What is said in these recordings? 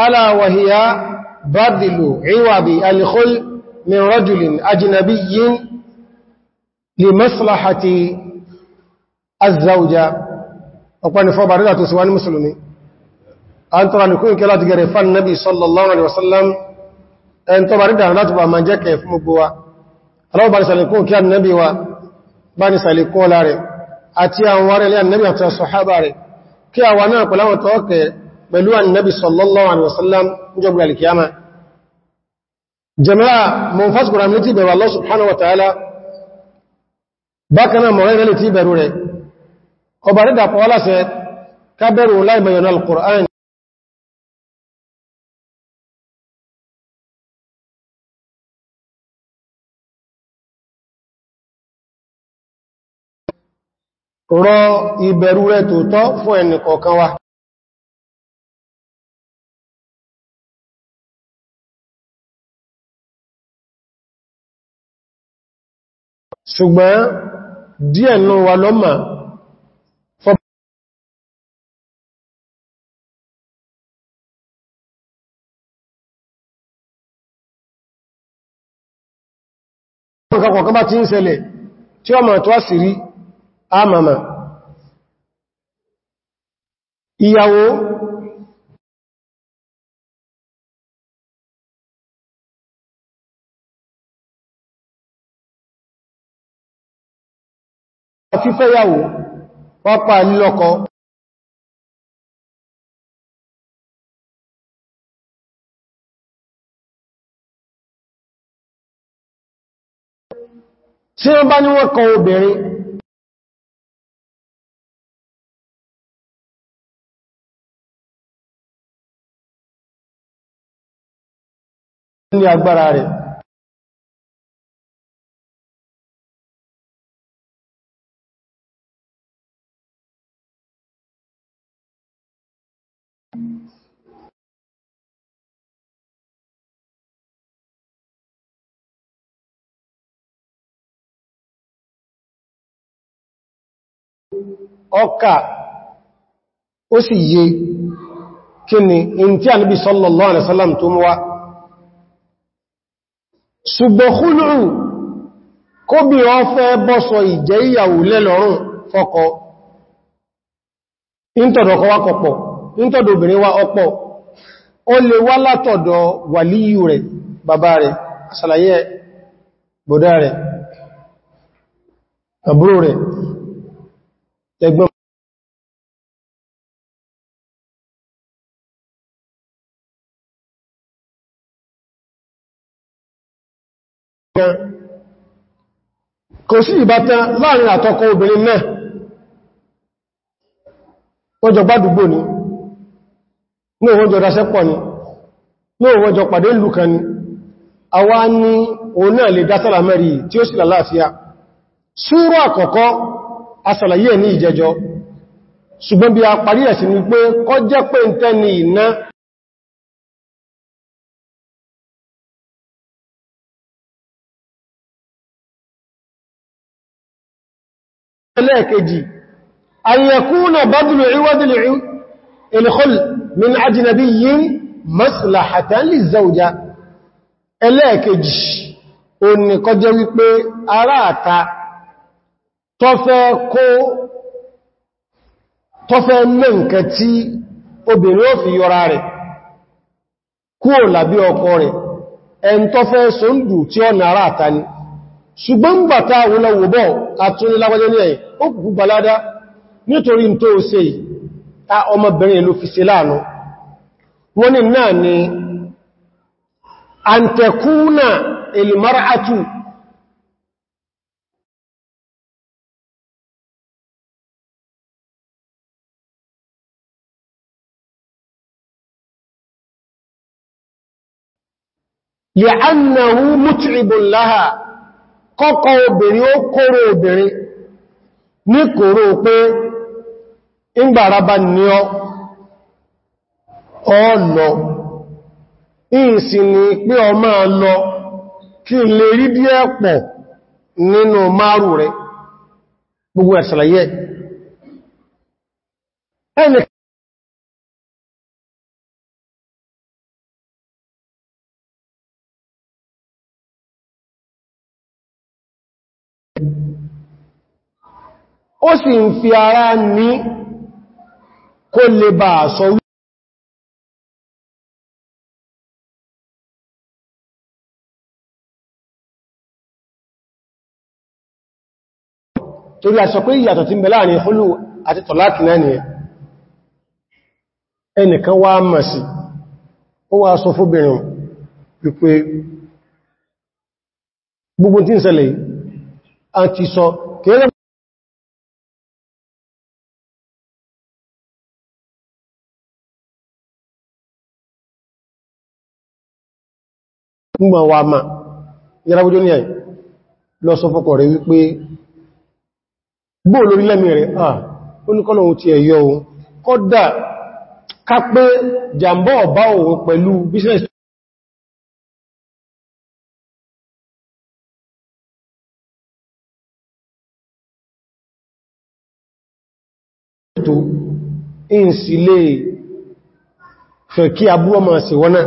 ألا وهي بدل عوض الخل من رجل أجنبي لمصلحة الزوجة أقول نفوبة رضا تسوان مسلمي أنت رأيكم كلا تقرفان النبي صلى الله عليه وسلم أنت رأيكم لا تبقى من جاك يفمبوا الله بني سألكم كلا النبي وبني سألكم لاري أتيا واري لأن النبي أتيا الصحابة كلا وناك لهم توقع pẹ̀lú annabi sallallahu alaihi wasallam jọgbùn alkiyama jama'a mọ̀ fásikura ní ti bẹ̀rù Allah subhanahu wa ta'ala bákaná mọ̀rẹ́ rẹ̀ ti bẹ̀rù rẹ̀ ọba rí dàpọ̀ aláṣẹ ká bẹ̀rù láìbẹ̀yàn al-Qur'an rọ ìbẹ̀rù rẹ̀ tòótọ́ fún ẹnì wa ṣùgbọ́n díẹ̀ nù wa lọ́mà ọ̀kọ̀kọ̀kan bá ti ń ṣẹlẹ̀ tí ó mọ̀ tó á sì rí ìyàwó fẹ́yàwó pápá nílọ́kọ tí wọ́n bá ní wọ́n obìnrin ní agbára rẹ̀ ọkà ó sì yé kí ni in tí a níbi sallallahu alaihi wasallam tó mú wá ṣùgbọ́n húlù kó bí wọ́n fẹ́ bọ́sọ ìjẹ́ ìyàwó lẹ́lọ́rùn fọ́kọ ìntọ̀dọ̀kọ́ wá ẹgbọ́n kò sí ìbátan láàrin àtọkọ obìnrin náà wọ́n jọ gbádùgbò ni ní òun jọ dáṣẹ́pọ̀ ni ní òun jọ pàdé ìlú kan ni àwa ní òun náà lè dá sára mẹ́rin tí ó sì lálàáfíà súúrù àkọ́kọ́ asàlàyé ní ìjẹjọ ṣùgbọ́n bí a parí ẹ̀sìn ni pé kọ́ jẹ́ pé ń tẹ́ ni ìná ẹlẹ́ẹ̀kejì ayyakuna badlu iwadil ilkhul min ajnabiyyin maslahatan lizawja ẹlẹ́ẹ̀kejì ó ní kó wípé aráàta tọ́fẹ́ kó tọ́fẹ́ lé tí obìnrin ó fi yọra rẹ̀ kúrò làbí ọkọ rẹ̀ ẹn tọ́fẹ́ sóndù tí ó nàrà àtàní ṣùgbọ́n bàtà wùlọ̀wùbọ̀ àtúniláwọ́jẹ́ ní balada nítorí tó ṣe ta ọmọbìnrin fi ṣe láàánú wọ́n lẹ́annahu mútìrìbùn láha kọ́kọ́ obìnrin ó kóró obìnrin ní kòrò pé ìgbàraba ní ọ ọ̀lọ̀ ìsì ni pé ọ máa lọ kí lè rí díẹ̀ pọ̀ nínú gbogbo ẹ̀sàlàyé ẹni ó sì ń fi ara ní kó lè bá sọ torí àṣọ pé ìyàtọ̀ tí ń bẹ láàrin húlù àti tọ̀láàkì náà ni ẹnìkan wá mọ̀ sí ó wá sọ fóbìnrin wípé gbogbo tí ń ṣẹlẹ̀ àti sọ kéré nígbà wa ma yàrábójó ní àì lọ sọ fọ́kọ̀ rẹ̀ wípé gbóò lórí lẹ́mí rẹ̀ à ah, oníkọ́lọ̀ ohun ti ẹ̀yọ ohun kọ́dà ká pé jàmbọ́ ọ̀bá òun pẹ̀lú business tó ìsìlẹ̀ fẹ̀ kí abúwọ́ máa sì wọ́n náà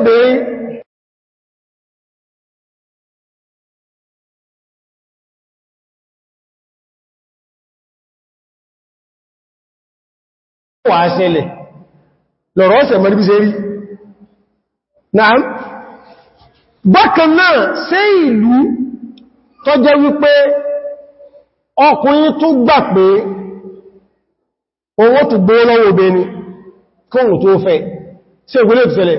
ọ wà ṣẹlẹ̀ lọ̀rọ̀ ọ̀sẹ̀ na níbi ṣe rí náà bákan náà ọ ìlú tó jẹ́ wípé ọkùnrin tó gbà pé owó tó gbó lọ́wọ́ obìnrin kóhùn tó fẹ́ sí ìgbélé ìfẹ́lẹ̀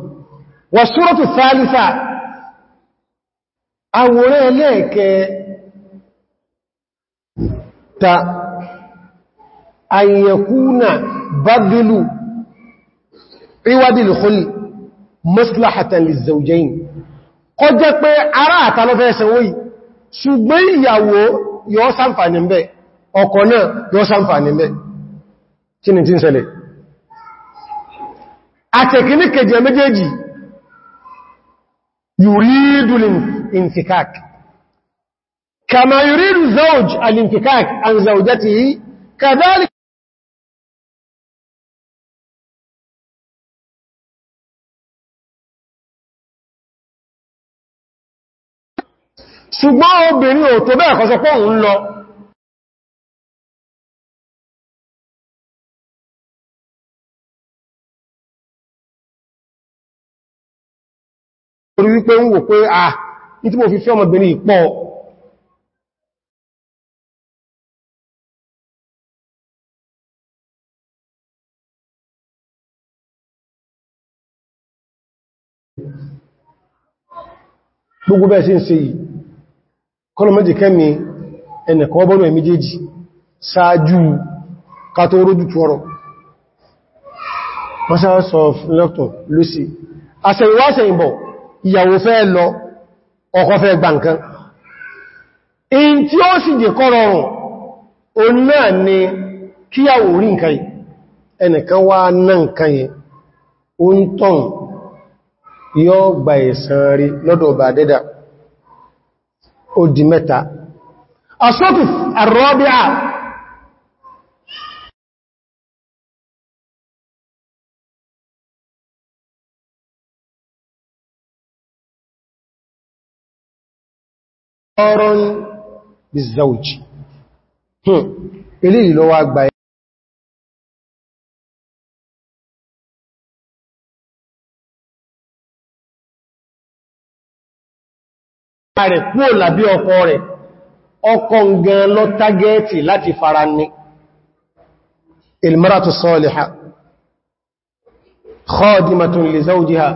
wàsúrọ̀tù thalitha àwòrán ẹlẹ́ẹ̀kẹ́ ta ayyakuna badilu iwadil khulli maslahatan lizawjayn kọ jẹ́ pé ará àtàlọ́fẹ́ ẹsẹ̀wó yìí ṣùgbọ́n ìyàwó yóò ṣàǹfààní ń bẹ ọkọ náà yóò ṣàǹfààní ń bẹ kí ni tí ń ṣẹlẹ̀ àtẹ̀kì ní يريد الانفكاك كما يريد الزوج الانفكاك عن زوجته كذلك ṣùgbọ́n obìnrin ò tó bẹ́ẹ̀ kọ́sọ̀pọ̀ òun lọ wípé ń wò pé à ní tí mo fi fẹ́ ọmọbìnrin ìpọ̀ gbogbo bẹ́ẹ̀ sí ń ṣe yìí kọ́lọ̀ méjì kẹ́mi ẹnìkan ọbọ̀nà ẹ̀mí jẹ́jì ṣáájú kátó rójú tọrọ wọ́n sáà sọ lọ́tọ̀ lọ́sí àṣẹ̀yìnwá àṣẹ̀yìnbọ̀ ìyàwó fẹ́ lọ ọkọ fẹ́ gbà nǹkan in tí ó sì jẹ kọ́ rọrùn o náà ni kíyàwó rí nǹkan yìí ẹnìkan wá náà nǹkan yìí o ń tàn yọ gbà ìsàn rí lọ́dọ̀ ọba dẹ́dà ó di mẹ́ta asọ́tù àrọ́bíà ọ̀rọ̀n bizauji eléyìí ló wá gba ẹ̀ rẹ̀ kúrò lábí ọkọ rẹ̀ ọkọ gan lọ tágẹ́ẹ̀tì láti fara ní ilmaratu saliha khadimatun li zawjiha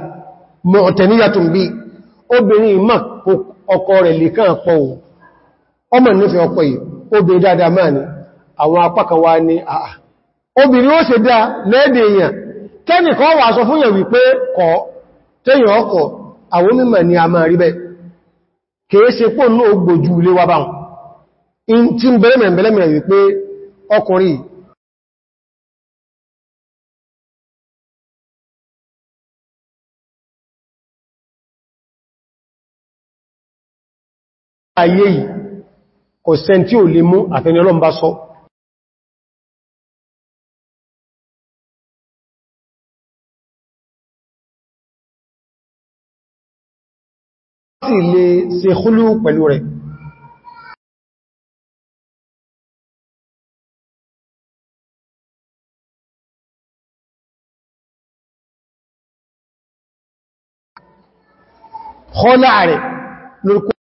mu'taniyatun bi obìnrin Iman ọkọ rẹ̀ lè kàn pọ̀ ohun ọmọ nífẹ́ ọkọ yìí obìnrin dáadáa máa ní àwọn apákan wá ní àà obìnrin ó ṣe dáa lẹ́ẹ̀dẹ̀ èèyàn kan wà sọ fún yẹn wípé kọ́ ni a ayé yìí kò sẹ́n tí ò lè mú àfẹni Ọlọ́run bá sọ sì lè ṣe kúlú pẹ̀lú rẹ̀ kọ́lá rẹ̀ lórúkú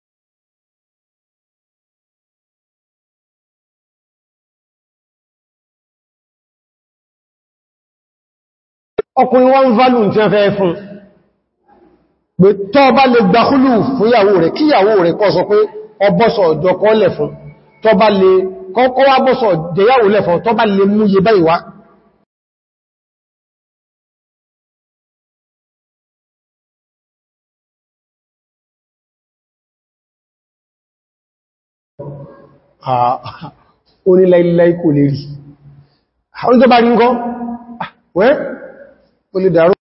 ọkùnrin wọ́n ń válù tí wọ́n fẹ́ fún pé tọ́ bá lè gba húlù fún ìyàwó rẹ̀ kí ìyàwó rẹ̀ kọ́ sọ pé ọbọ́sọ̀ ọjọ́kọ́ lẹ̀ fún tọ́ bá lè kọ́kọ́ wá bọ́sọ̀ jẹyàwó lẹ̀ fún tọ́ bá lè mú yẹ báyìí wá ó lè dàrú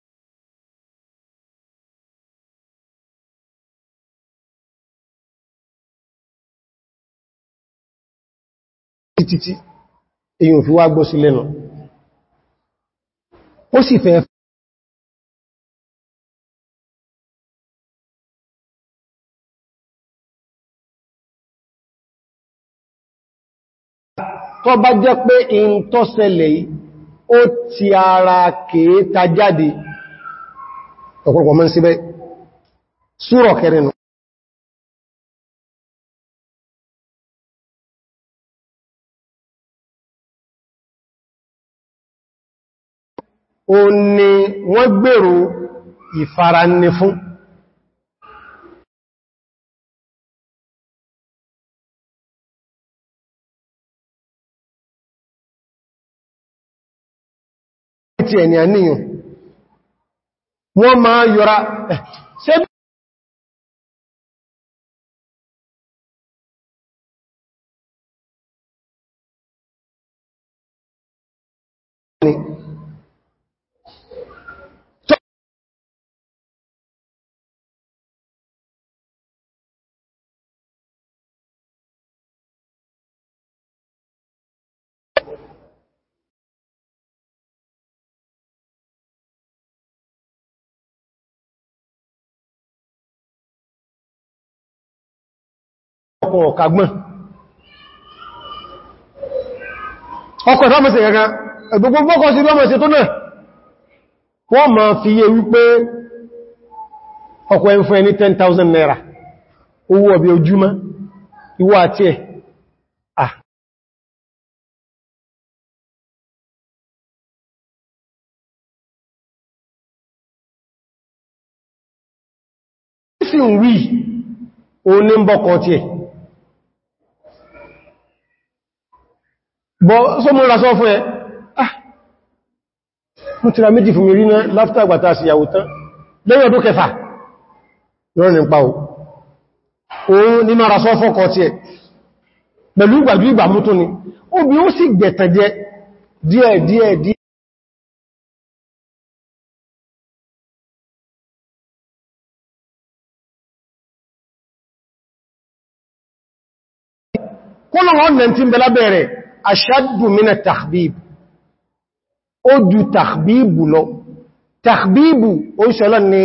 títí èyí ò fi wá gbọ́ sí lẹ́nu ó sì fẹ́ tó bá jẹ́ pé in tó ṣẹlẹ̀ yìí ó ti ara kèéta jáde ọ̀pọ̀pọ̀ mọ́ síbẹ̀ súrọ̀ kẹrin ó ní wọ́n gbèrò ìfaraní fún ti ẹni àníyàn wọ́n máa yọra eh, ọkọ ọ̀kagbọ́n ọkọ ìfàmọ́sẹ̀ gẹ́gẹ́ gbogbo fọ́kọ́ sí ìfàmọ́sẹ̀ tó náà wọ́n ma fi yé wípé ọkọ ẹ̀ ń 10,000 naira owó ọ̀bí àti ẹ̀ bọ́ sọ́mọ́ lásọ́ fún ẹ ah mú tíra méjì fún mi rí náà láftà àgbàtà àṣìyàwó tán lẹ́yìn ọdún kẹfà lọ́rin nípa o òun ní mara sọ fọ́kọ̀ tí ẹ pẹ̀lú ìgbàjú ìgbà mútó ni obi ó sì gbẹ̀tẹ̀jẹ díẹ̀ díẹ̀ díẹ̀ kọ́lọ̀wọ́n nẹ̀ aṣádù mínà tàbíbù ó ju tàbíbù lọ tàbíbù ó ṣọ́lọ́ ni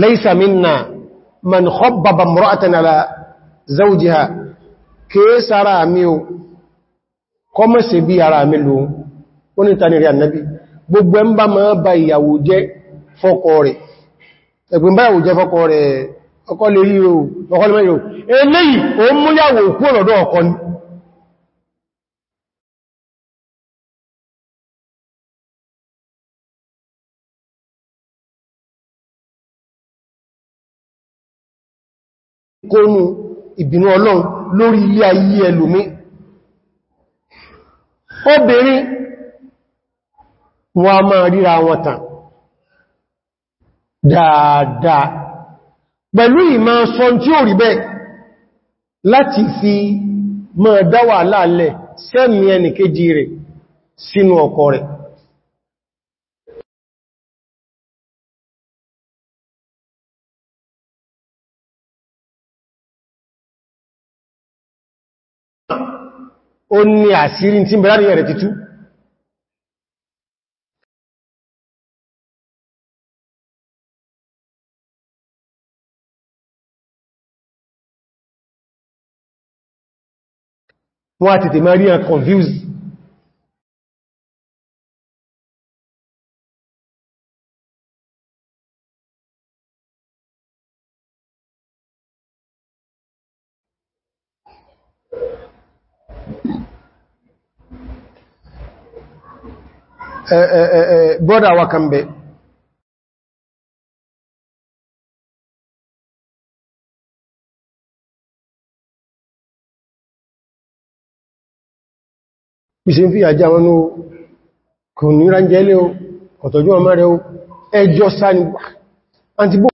laysa minna man khabbaba imra'atan ala zawjiha kìí sára mi o kọmọ̀ sí bí ara mi lò ó ní tàníri annabi gbogbo ẹ ma ọkọ lè rí o ọkọ lè mẹ́rin o eléyìí o ń múyàwó òkú ọ̀rọ̀dọ̀ ọkọ ni kónú ìbínú ọlọ́run lórí ilé ayé ẹlòmí obìnrin wọn a máa ríra wọn tàn dáadáa pẹ̀lú ìmọ̀ sọ tí ó rí bẹ́ láti fi mọ́ dáwà láàlẹ̀ sẹ́mi ẹnìkejì rẹ̀ sínú ọkọ rẹ̀. ó ní àṣírí tí bẹ̀rẹ̀ rẹ̀ títú wọ́n àti tèmà rí ẹ̀ confused eh, eh, eh, brother wa kan bẹ̀ ìṣe ń fi àjá wọn ní kò ní ránjẹ́lé o ọ̀tọ̀jú ọmọ rẹ̀ o ẹjọ́ sáni àti bó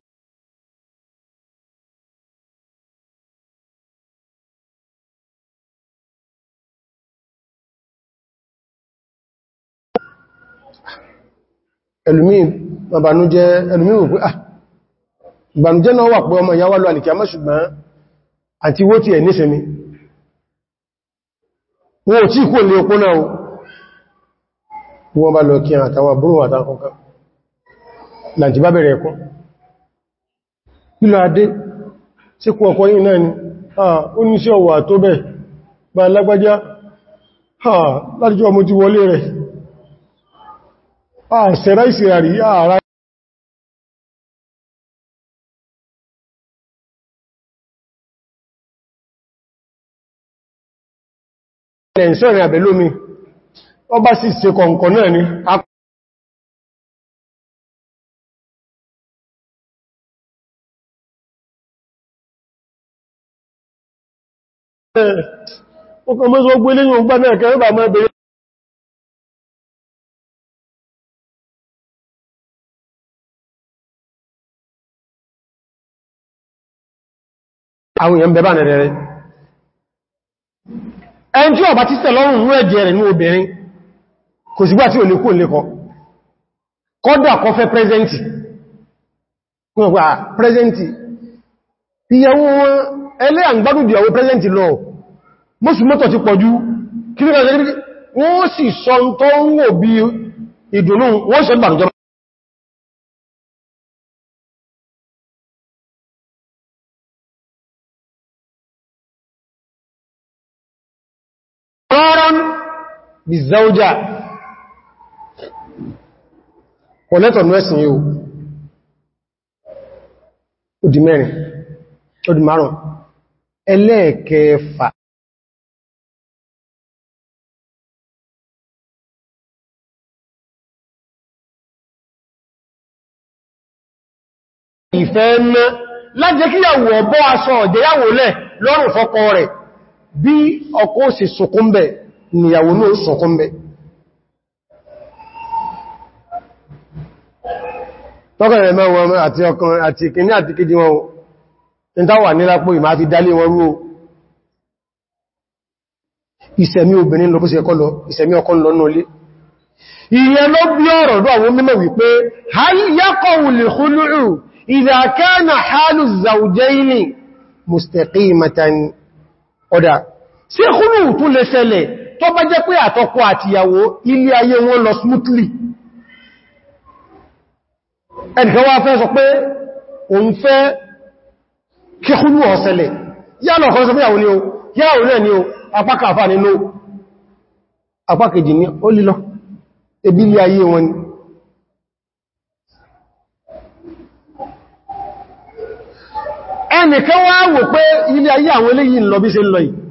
ẹlùmí ìbànújẹ́ ẹlùmí wò pé ah, ìbànújẹ́ náà wà pé ọmọ wọ́n tí kò ní okó náà wọ́n bá lọ kí àtàwà búrò àtàkùnkan láti bá bẹ̀rẹ̀ ẹ̀kọ́ nílò adé tí kú ọkọ̀ yìí náà ni ó ní sí ọwà tó bẹ̀ bá lágbájá láti jọ ọmọ ti wọlé rẹ̀ ẹ̀ṣẹ́rin àbẹ̀lómi ọ bá sì ṣe kọ̀ǹkọ̀ náà ni a àwọn èèyàn bẹ̀bà nẹ̀rẹ̀ ẹn tí ọba títẹ̀ lọ́rùn rú ẹ̀jẹ̀ rẹ̀ ní obìnrin kò sígbà tí ò lè kó lè kọ kọ́dà kọ fẹ́ pẹ́sẹ̀ntì pẹ̀lú pẹ́sẹ̀ntì ìyàwó wọn ẹlẹ́ àgbádùdì àwọn pẹ́sẹ̀ntì lọ mọ́sùmọ́tọ̀ ti pọ̀jú kí wọ́n sì sọ tó ń wò bí ìdùnnú wọ́n sọ ìbànújẹ́ bizauja ọ̀lẹ́tọ̀ ní ẹ̀sìn yóò òdì mẹ́rin òdì márùn ẹlẹ́ẹ̀kẹfà ìfẹ́ mẹ́ lájẹ́ kíyàwó ọ̀bọ́ aṣọ ọ̀jẹ́yàwó lẹ̀ lọ́rùn fọ́kọ rẹ̀ bí ọkọ sì sùkúnbẹ̀ níyàwó náà sọ̀kọ́ mẹ́ tọ́kọ̀ rẹ̀ mẹ́wọ́ àti ọkàn àti ìkíní àti kejì wọn ní táwà nílápò ìmá fi dálé wọn rú ìsẹ̀mí obìnrin lọ bó ṣe ẹkọ́ lọ ìsẹ̀mí ọkọ lọ náà lé ìyẹn ló bí ọ̀rọ̀ lọ àwọn mímọ̀ wípé hal tó bá jẹ́ pé àtọkọ àtìyàwó ilé ayé wọn lọ smoothly ẹnìkan wá fẹ́ sọ pé òun fẹ́ kíkúlù ọ̀sẹ̀lẹ̀ yálà ọ̀kan sọ pé yàwó ni o yàwó náà ni o apákà àfà nínú apákèjì ni ó lílọ ebí ilé ayé wọn ni ẹnìkan wá wò pé ilé ayé àwọn eléyìí lọ bí ṣe lọ yìí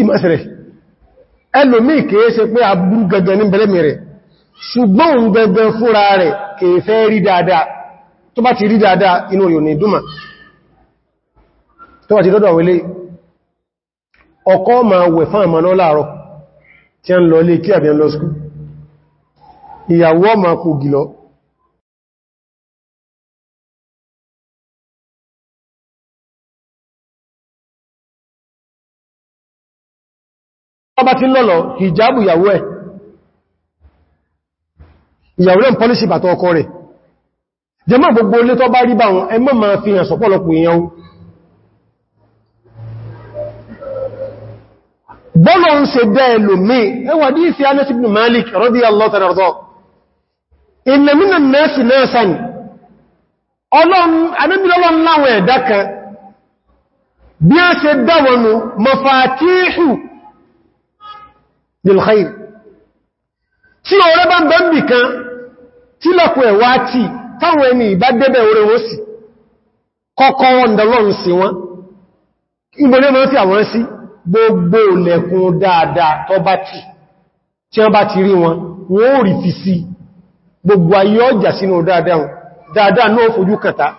ìmọ̀sẹ̀rẹ̀ ẹlòmí kìí ṣe pé àbúrú gẹ̀gẹ̀ ní bẹ̀lẹ́mì rẹ̀ ṣùgbọ́n gẹ̀gẹ̀ fúnra rẹ̀ kìí fẹ́ rí dáadáa tó bá ti rí dáadáa inú yóò ní dúmà tó bá ti dọ́dọ̀ wẹlé ọkọ ma wẹ̀ fún àmàlọ́ ọba ti lọ́lọ̀ hijabu ìyàwó ẹ̀ ìyàwó rẹ̀ ń pọ́lísì bàtọ̀ ọkọ rẹ̀ jẹmọ́ gbogbo ilé tó bá rí bá wọn ẹmọ́ ma fi hàn sọpọ̀lọpọ̀ èèyàn bọ́lọ̀ ń se dẹ́ ẹlòmí ẹwà dí ìfẹ́ Anas ibn Malik radiyallahu ta'ala anhu bí a ṣe dáwọnù mafatihù t'i tí ọ̀rẹ́ bá ń kan tí lọ́pù ẹ̀wà tí táwọn debe ìbá débẹ̀ orí wọ́n sì kọ́kọ́ wọn dọ́lọ́run wọn si gbogbo lẹ̀kùn daada tó bá ti, tí ti wọn fi si gbogbo ayé ọjà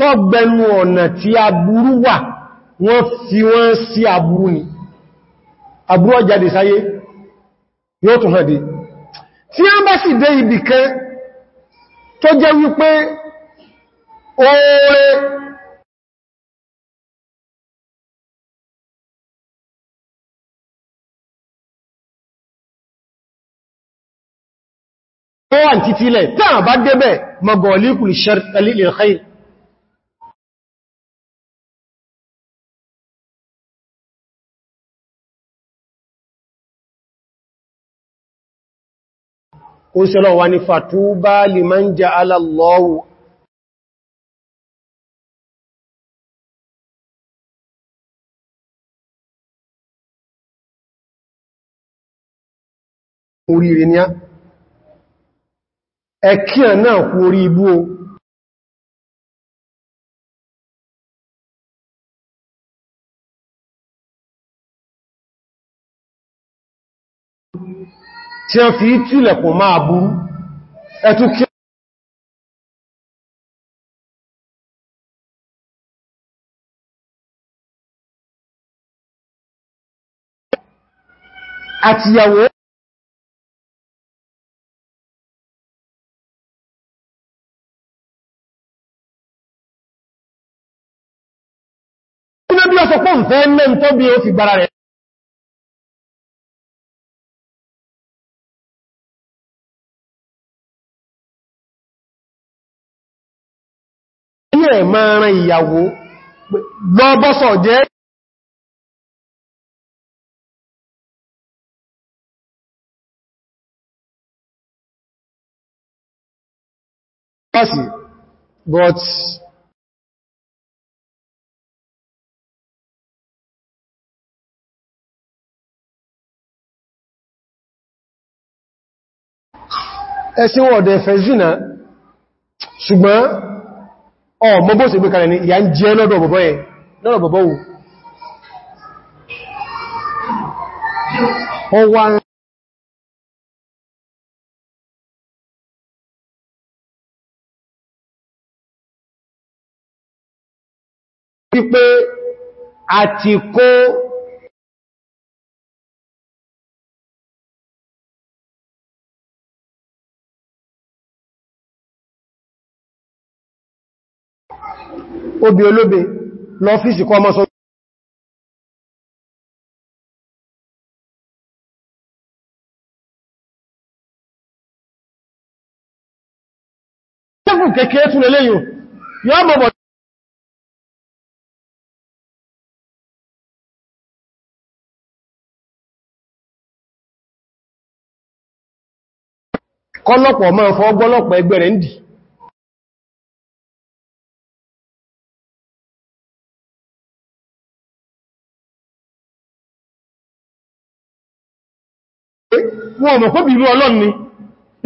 tó gbẹnu ọ̀nà tí aburú wà wọ́n fi wọ́n sí aburú ni aburú ọjáde sáyé yóò tún hàn dé tí a bá sì dé ibì kan tó jẹ́ wípé oore Wọ́n wà títí ilẹ̀ tí a bá débẹ̀ mọ̀gọ̀ọ̀lẹ́kùn lè ṣẹ́rẹ̀ ó sí ọlọ́wà ní fàtúbá liman ja'ala Allahu oríire ní á ẹ̀kí náà kú orí ibú o tí a fi tílẹ̀kùn máa burú ẹ̀tù kí àtìyàwó Iná bí ọ̀sọ̀pọ̀ ń fẹ́ mẹ́ ó fi gbára rẹ̀. ẹ̀ máa ran ìyàwó lọ bọ́sọ̀ jẹ́ pàṣì but ẹ̀sìn wọ̀dẹ̀ fẹ́ zina ṣùgbọ́n ọmọ bó sì gbé kalẹ̀ ní ìyà ń jẹ́ lọ́dọ̀ bọ̀bọ̀ ẹ̀ lọ́dọ̀ bọ̀bọ̀ wò ọ wá ń rí obi olóbe lọ́fíìsì kọ́ mọ́sọ́ kékeré tún lẹ́yìn yọ́ mọ̀ bọ̀ kọ́lọ̀pọ̀ mọ́ fọ́ gbọ́lọ̀pọ̀ ẹgbẹ̀rẹ̀ ń dì wọn mọ̀ kó bìrú ọlọ́ni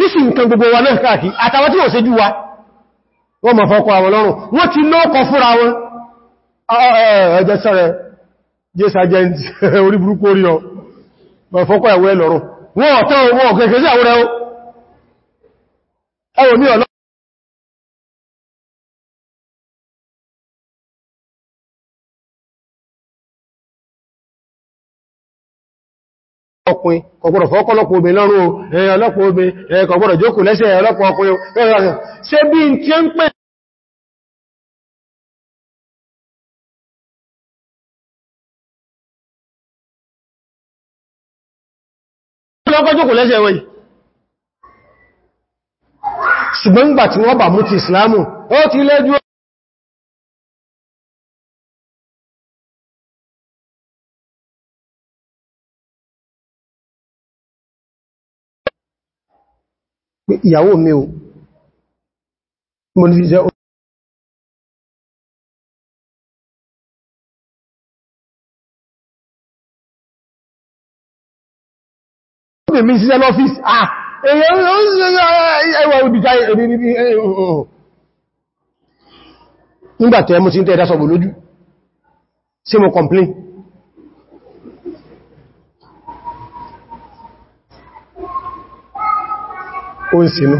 ìsì nǹkan gbogbo wa náà káàkì àtàwọn tí wọ́n ṣe jú wa wọ́n mọ̀ fọ́kọ́ àwọn lọ́rùn wọ́n ti lọ́ọ̀kọ́ fúnra wọn ẹjẹ́ sẹ́rẹ̀ jésà jẹ́ orí burúkú orí ọ mọ̀ fọ́kọ́ ọkùnrin kọ̀gbọ́dọ̀ fọ́kọ́lọ́pọ̀ obìn lọ́rùn ẹ̀yẹ ọlọ́pọ̀ obìn ẹ̀yẹ kọ̀gbọ́dọ̀ jókù lẹ́sẹ̀ ọlọ́pọ̀ ọkùnrin pé ìyàwó mi o mo ní jẹ́ mi síṣẹ́ lọ́fíìsì ah èyàn ó ń ṣe ẹwà òbìta èdè níbi nígbàtẹ̀ mo ti ń tẹ́ ẹ̀dá sọ̀bọ̀ lójú sí mo complain ó ń sinú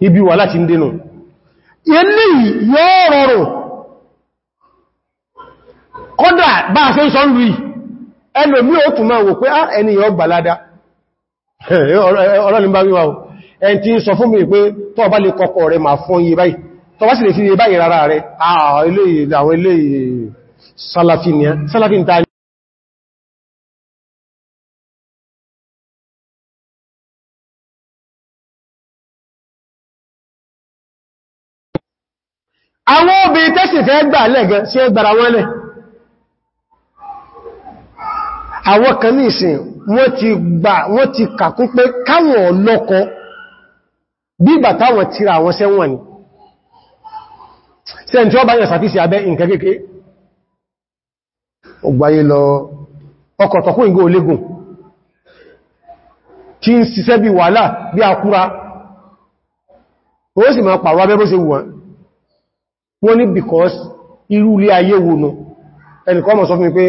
ibi wà láti ń dénú ilé yóò rọrùn kódà bá ṣe ń sọ lùí ẹlòmí ó tún máa wò pé ah, ẹni yóò gbàládá wíwá o ẹni tí ń sọ fún mi pé tó bá lè kọkọ rẹ fún iye báyìí tó bá sì lè fi iye báyìí rárá rẹ ah, àwọn obìnrin tẹ́sì fẹ́ gbà lẹ́gẹ́ sí ẹgbàra wọn lẹ̀ àwọn kan ní ìsìn wọ́n ti gbà wọ́n ti kàkún pé káwọn ọlọ́kọ bí bàtà wọn tíra àwọn sẹ́wọ̀n ni sẹ́n tí ó bá yàn sàfíìsì abẹ́ nǹkan kéèké ògbáyé lọ ọkọ̀ ìgbò olégùn tí ń ṣiṣẹ́ bí wàhálà bí akúra ó sì máa pàwọ́ abẹ́ bó ṣe wọ́n wọ́n ní because irú ilé ayé wo nù ẹnìkan mọ̀ sọ fún mi pé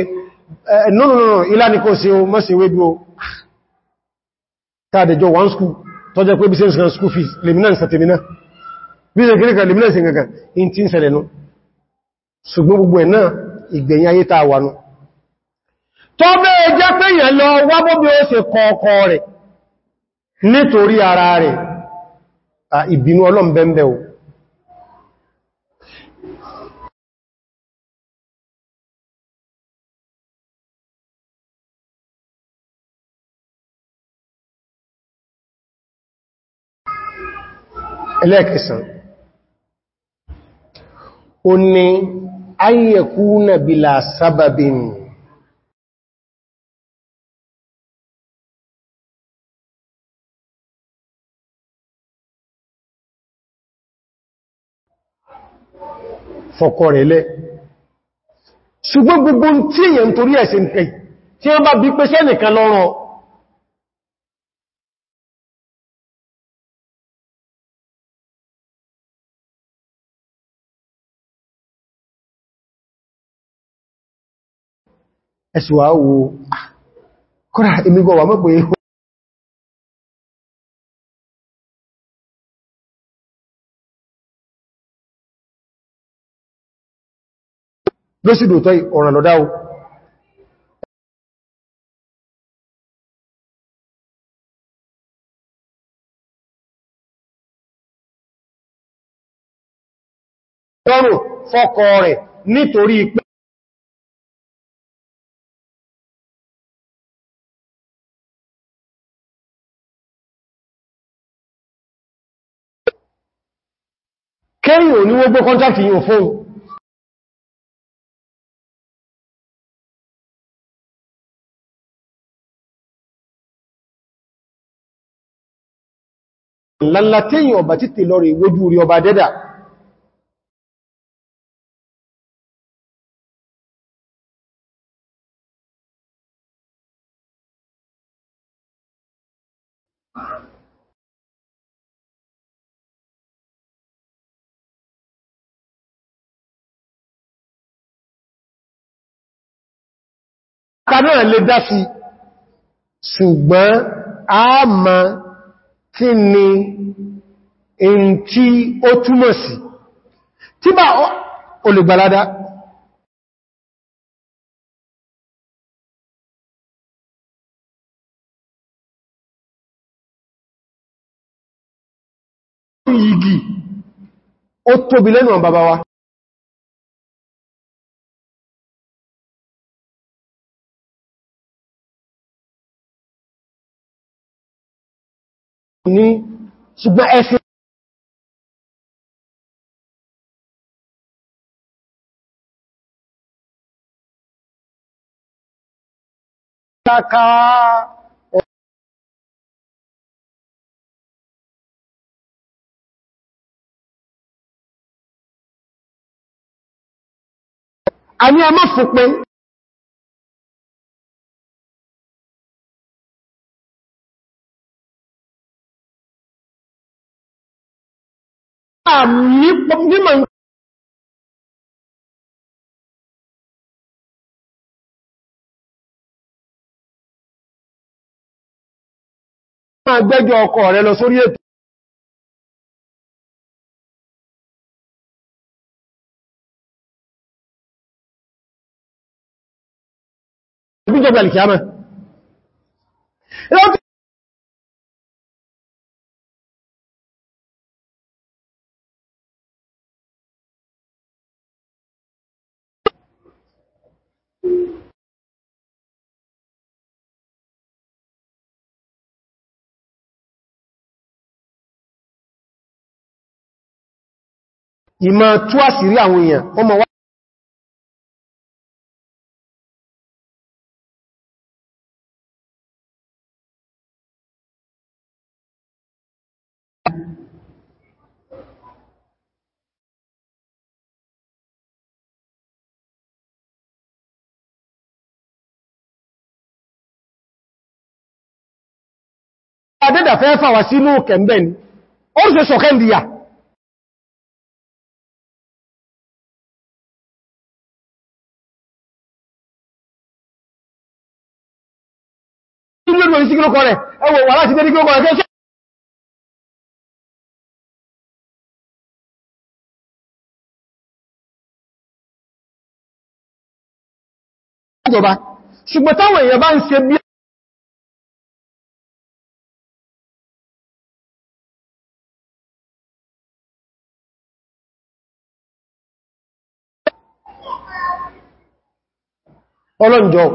eh, eh, no no no ilá ní kò sí o mọ́ sí wébí o tàdẹjọ one school tọ́jẹ́ pé business and school fees leminance àtìmínà business clinical leminance gangan in ti ń ṣẹlẹ̀ nù ṣùgbọ́n gbogbo ẹ̀ náà ìgbẹ̀yìn ayé tàà wà nù tó bẹ́ẹ̀ jẹ́ pé yẹn lọ wábọ́ bí ẹlẹ́ẹ̀kẹsàn ó ní ayyakuna bila sábàbìn fọ̀kọ̀ rẹ̀ lẹ́ ṣùgbọ́n gbogbo tí èyàn torí ẹ̀sìn kẹ tí wọ́n bá bí pẹ́ṣẹ́ nìkan lọ́rọ̀ ẹ̀sùwà wo kọ́rà ìmígọ́ wà mọ́pẹ̀ ihò lóṣìdò tọ́ ọ̀ràn lọ́dáwó Ọrùn fọ́kọ rẹ̀ nítorí pé sẹ́yìn ò ní wọ́gbọ́ kọ́ntàkì yíò fún lálàtíyàn ọba títè lọ rí ìwójú rí ọba dẹ́dà ká náà lè dá sí ṣùgbọ́n a mọ̀ kí ni in tí ó túmọ̀ sí tí bá olùgbàládá yìí ó tóbi lẹ́nu bàbá wa ṣùgbọ́n ẹ̀sìn kàkà a ní ọmọ fún pé mímọ̀ máa gbẹ́jọ ọkọ rẹ lọ sórí ètò ìjọba ìkìyàmẹ́ ìmọ̀ tú àṣírí àwọn èèyàn wọ́n mọ̀ wá Adédàfẹ́ fàwà sínú kẹ̀m̀bẹ̀ ni, ó ń ṣe ṣọ̀kẹ́ ìdíyà. ní sí kílókọ rẹ̀ ẹwọ wà láti dé ní kílókọ rẹ̀ tẹ́ ìjọba ṣùgbọ́n táwọn èèyàn bá ń ṣe bí ọlọ́njọ́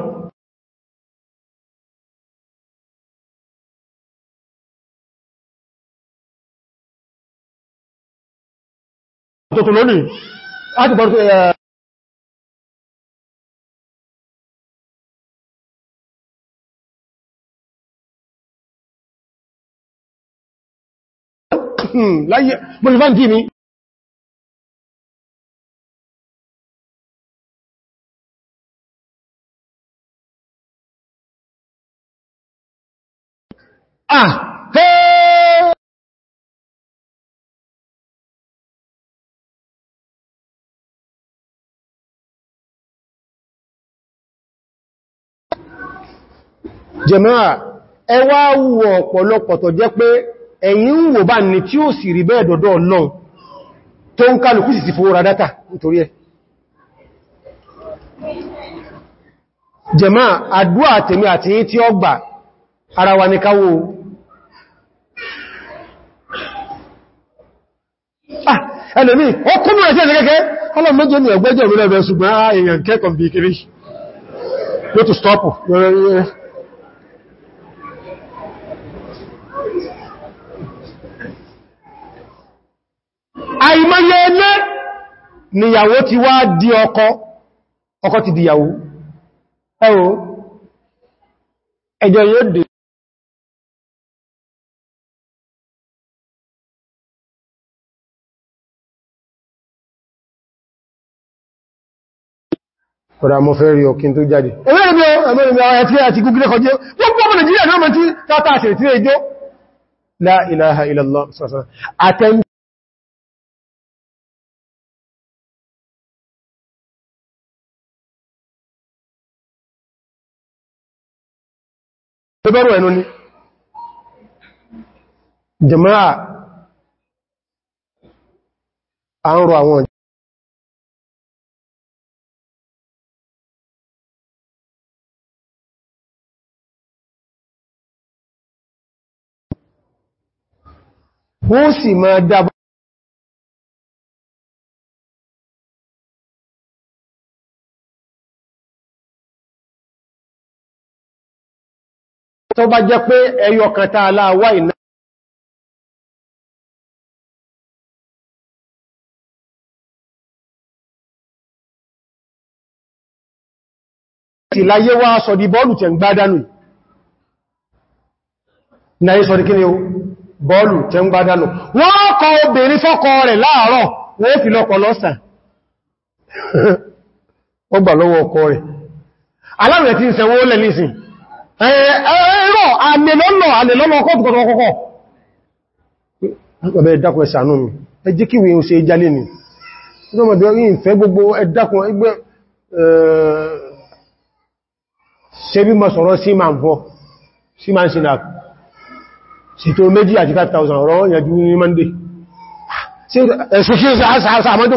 tuntun lónìí láti bọ́ hmm, láyé bolivanti mi ah jamaa ẹwà wù ọ̀pọ̀lọpọ̀ tó jẹ́ pé ẹ̀yìn ń wò bá ní tí ó sì rí bẹ́ẹ̀ dọ̀dọ̀ náà tó ń kálùkù sì ti fowó ra dátà nítorí ẹ̀ jẹmáà àdúà tèmi àti yí tí ó gbà ara wa ní káwó ah, ẹlòmí ẹ̀sẹ̀ àìmọye ẹlẹ́ níyàwó ti wá di ọkọ ọkọ ti dìyàwó ẹ̀rọ ẹjọ́ yóò dé ọ̀rọ̀ àmọ́ fẹ́ rí ọkín tó jáde. ẹgbẹ́rẹ̀mí ọmọ ẹ̀tí àti gúgúrẹ́ kọjẹ́ wọ́n pọ̀ nàìjíríà náà mọ̀ tí tátà àṣẹ tí èjò la ilaha illallah sọ́sọ́ tó bẹ̀rù ẹnu ni jẹmọ́ra a ń rọ àwọn wọ́n sì máa dábọ̀ tó bá jẹ́ pé ẹyọ kẹta aláwà iná ti láyé wá sọ di bọ́ọ̀lù tẹ̀ ń gbádánù náyé sọ di kí o bọ́ọ̀lù ń gbádánù wọ́n kọ obìnrin fọ́kọ rẹ̀ láàárọ̀ wọ́n fi lọ lọ́sàn ó lọ́wọ́ ọkọ rẹ̀ aláwẹ̀ tí ń sẹ́wọ́ lẹ́lẹ́sìn ẹ̀rọ àlèlọ́nà àlèlọ́nà ọkọ̀ ọ̀tọ̀kọ̀ ọkọ̀kọ̀ ọ̀bẹ̀ ẹ̀dàkùn ẹ̀sànú mi ẹ jẹ́ kíwẹ̀ oṣe ìjálé ni ọmọdé yìí fẹ́ gbogbo ẹ̀dàkùn ẹgbẹ́ ṣe bí mọ́ sọ̀rọ̀ sí máa ń fọ́ sí máa ń sinà sí tó méjì àti 5,000 ọ̀rọ̀ ìyàjú ní mọ́ndé ẹ̀sùn sí àṣà àmọ́dé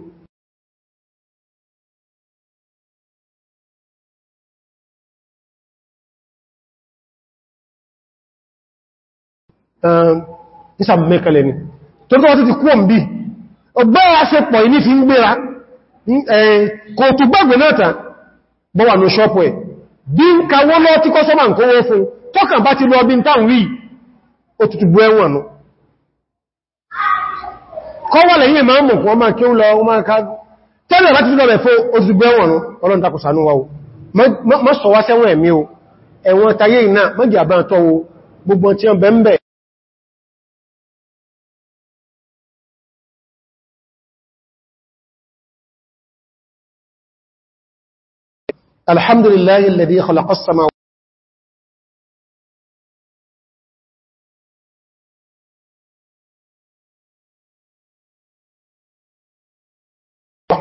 ìsà mẹ́kẹlẹ̀ ni tó tó wọ́n ti kú ọmọ bí ọgbẹ́ aṣepọ̀ ìní fi ń gbéra kò tó gbẹ́gbẹ̀ náà tàn bọ́ wà ní ṣọ́pù ẹ̀ bí ń kawọ́ lọ tí kọ́sọ́mà ń kówó fún tọ́kàn bá ti lọ bí ń táwọn rí ó tutù bú ẹwọ̀n nù kọ́wọ́ lẹ́yìn ìmọ̀ mọ̀ wọ́n máa kí ó lọ wọ́n máa ká tẹ́lẹ̀ láti lọ rẹ̀ fó ó tutù bú ẹwọ̀n nù ọlọ́run الحمد لله الذي خلق السماوات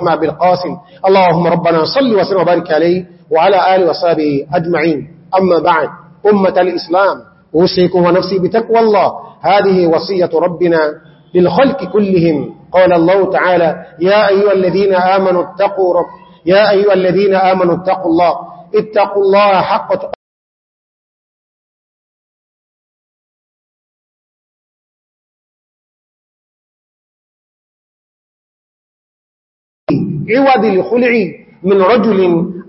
مع بالقاسم اللهم ربنا صل وسلم وبارك عليه وعلى آله وصحبه أجمعين أما بعد أمة الإسلام أوصيكم ونفسي بتقوى الله هذه وصية ربنا للخلق كلهم قال الله تعالى يا أيها الذين آمنوا اتقوا ربكم يا أيها الذين آمنوا اتقوا الله اتقوا الله حق عوض الخلع من رجل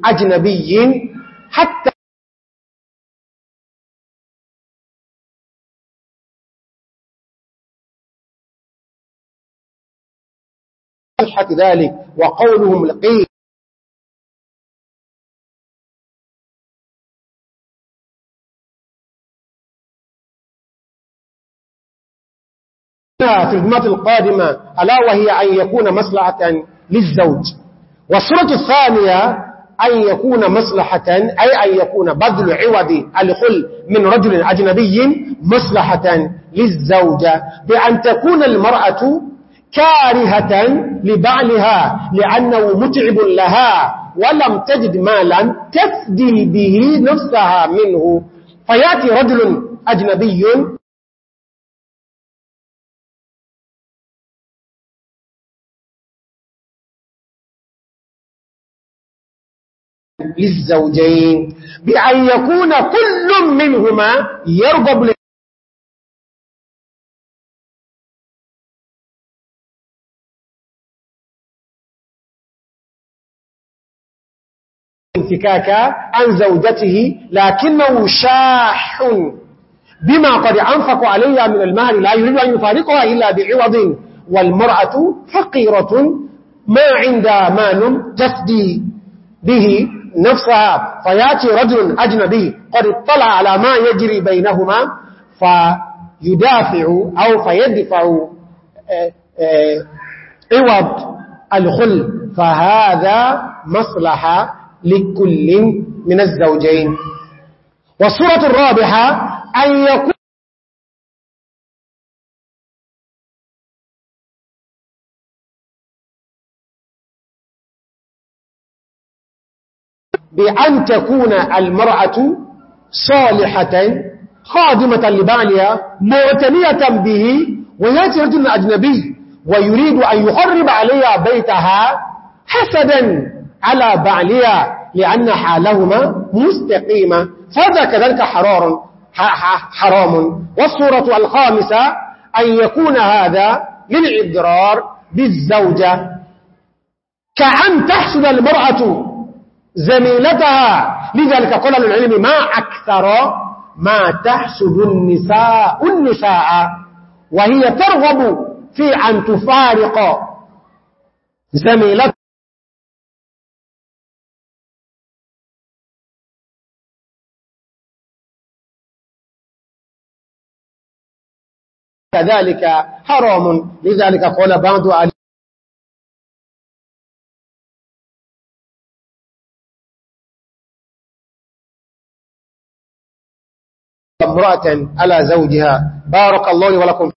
أجنبي حتى صحة ذلك وقولهم لقيم في المات القادمة ألا وهي أن يكون مصلحة للزوج والصورة الثانية أن يكون مصلحة أي أن يكون بذل عوض الخل من رجل أجنبي مصلحة للزوجة بأن تكون المرأة كارهة لبعلها لأنه متعب لها ولم تجد مالا تفدي به نفسها منه فيأتي رجل أجنبي للزوجين بأن يكون كل منهما يرغب انفكاكا عن زوجته لكنه شاح بما قد أنفق عليها من المال لا يريد أن يفارقها إلا بعوض والمرأة فقيرة ما عندها مال تفدي به نفسها فياتي رجل أجنبي قد اطلع على ما يجري بينهما فيدافع أو فيدفع آه، آه، عوض الخل فهذا مصلحة لكل من الزوجين والصورة الرابحة أن يكون بأن تكون المرأة صالحة خادمة لبانيا معتنية به ويأتي رجل أجنبي ويريد أن يخرب عليها بيتها حسدا على بعليا لأن حالهما مستقيمة فهذا كذلك حرار حرام والصورة الخامسة أن يكون هذا للإضرار بالزوجة كأن تحسد المرأة زميلتها لذلك قال العلم ما أكثر ما تحسد النساء النساء وهي ترغب في أن تفارق زميلتها كذلك حرام لذلك قال بعض امرأة على زوجها بارك الله ولكم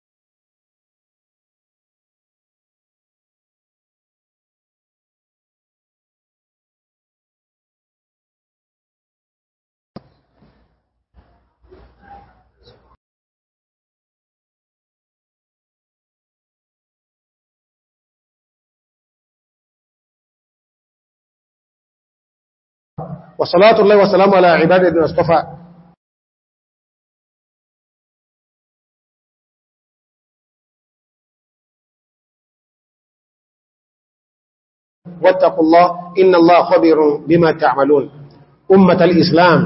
وصلاة الله وسلامه على عباد ابن اصطفى واتقوا الله إن الله خبر بما تعملون أمة الإسلام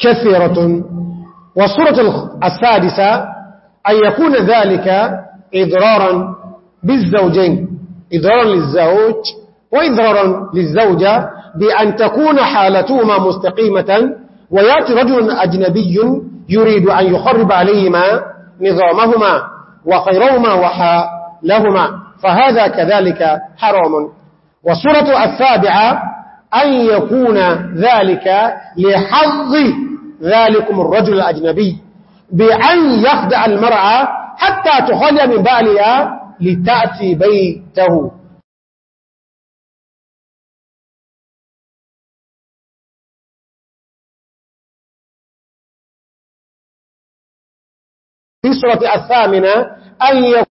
كثيرة والصورة السادسة أن يكون ذلك إضرارا بالزوجين إضرارا للزوج وإضرارا للزوجة بأن تكون حالتهما مستقيمة ويأتي رجل أجنبي يريد أن يخرب عليهما نظامهما وخيرهما وحالهما فهذا كذلك حرام والصورة السابعة أن يكون ذلك لحظ ذلكم الرجل الأجنبي بأن يخدع المرأة حتى تخلي من بالها لتأتي بيته في سورة الثامنة أن يكون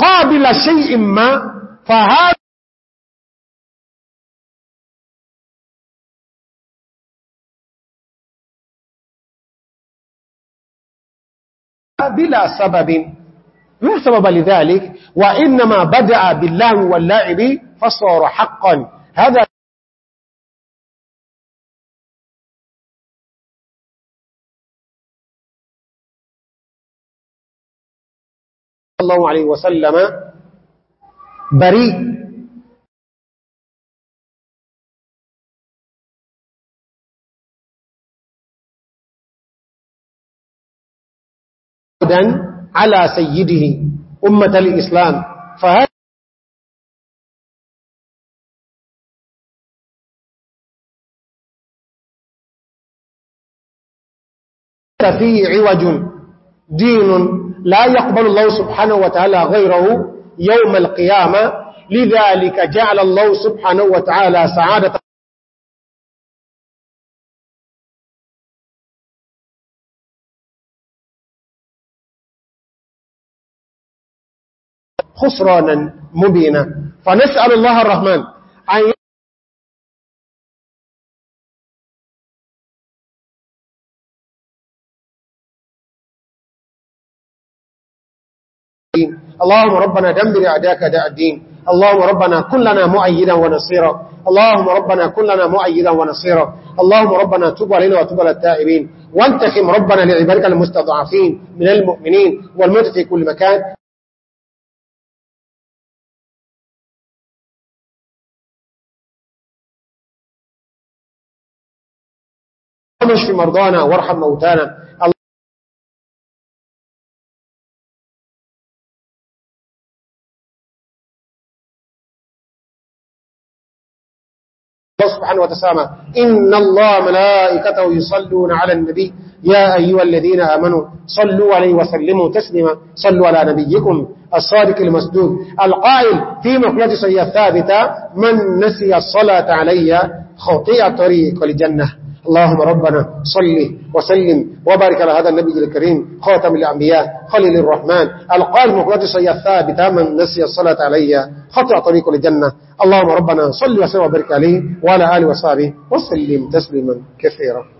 قابل شيء ما فهذا بلا سبب ما سبب لذلك وإنما بدأ بالله واللاعب فصار حقا هذا صلى الله عليه وسلم بريء على سيده أمة الإسلام فهذا فيه عوج دين لا يقبل الله سبحانه وتعالى غيره يوم القيامة لذلك جعل الله سبحانه وتعالى سعادة خسرانا مبينا فنسأل الله الرحمن أن اللهم ربنا دمر أعداك داء الدين اللهم ربنا كلنا مؤيدا ونصيرا اللهم ربنا كلنا مؤيدا ونصيرا اللهم ربنا تب علينا وتب على التائبين وانتخم ربنا لعبادك المستضعفين من المؤمنين والموت في كل مكان واشف مرضانا وارحم موتانا الله سبحانه وتسامى إن الله ملائكته يصلون على النبي يا أيها الذين آمنوا صلوا عليه وسلموا تسلما صلوا على نبيكم الصادق المسدود القائل في مقلة سيئة ثابتة من نسي الصلاة علي خطيئة طريق لجنة اللهم ربنا صل وسلم وبارك على هذا النبي الكريم خاتم الأنبياء خليل الرحمن القائل مقلتس الثابتة من نسي الصلاة علي خطر طريق الجنة اللهم ربنا صل وسلم وبارك عليه وعلى آله وصحبه وسلم تسليما كثيرا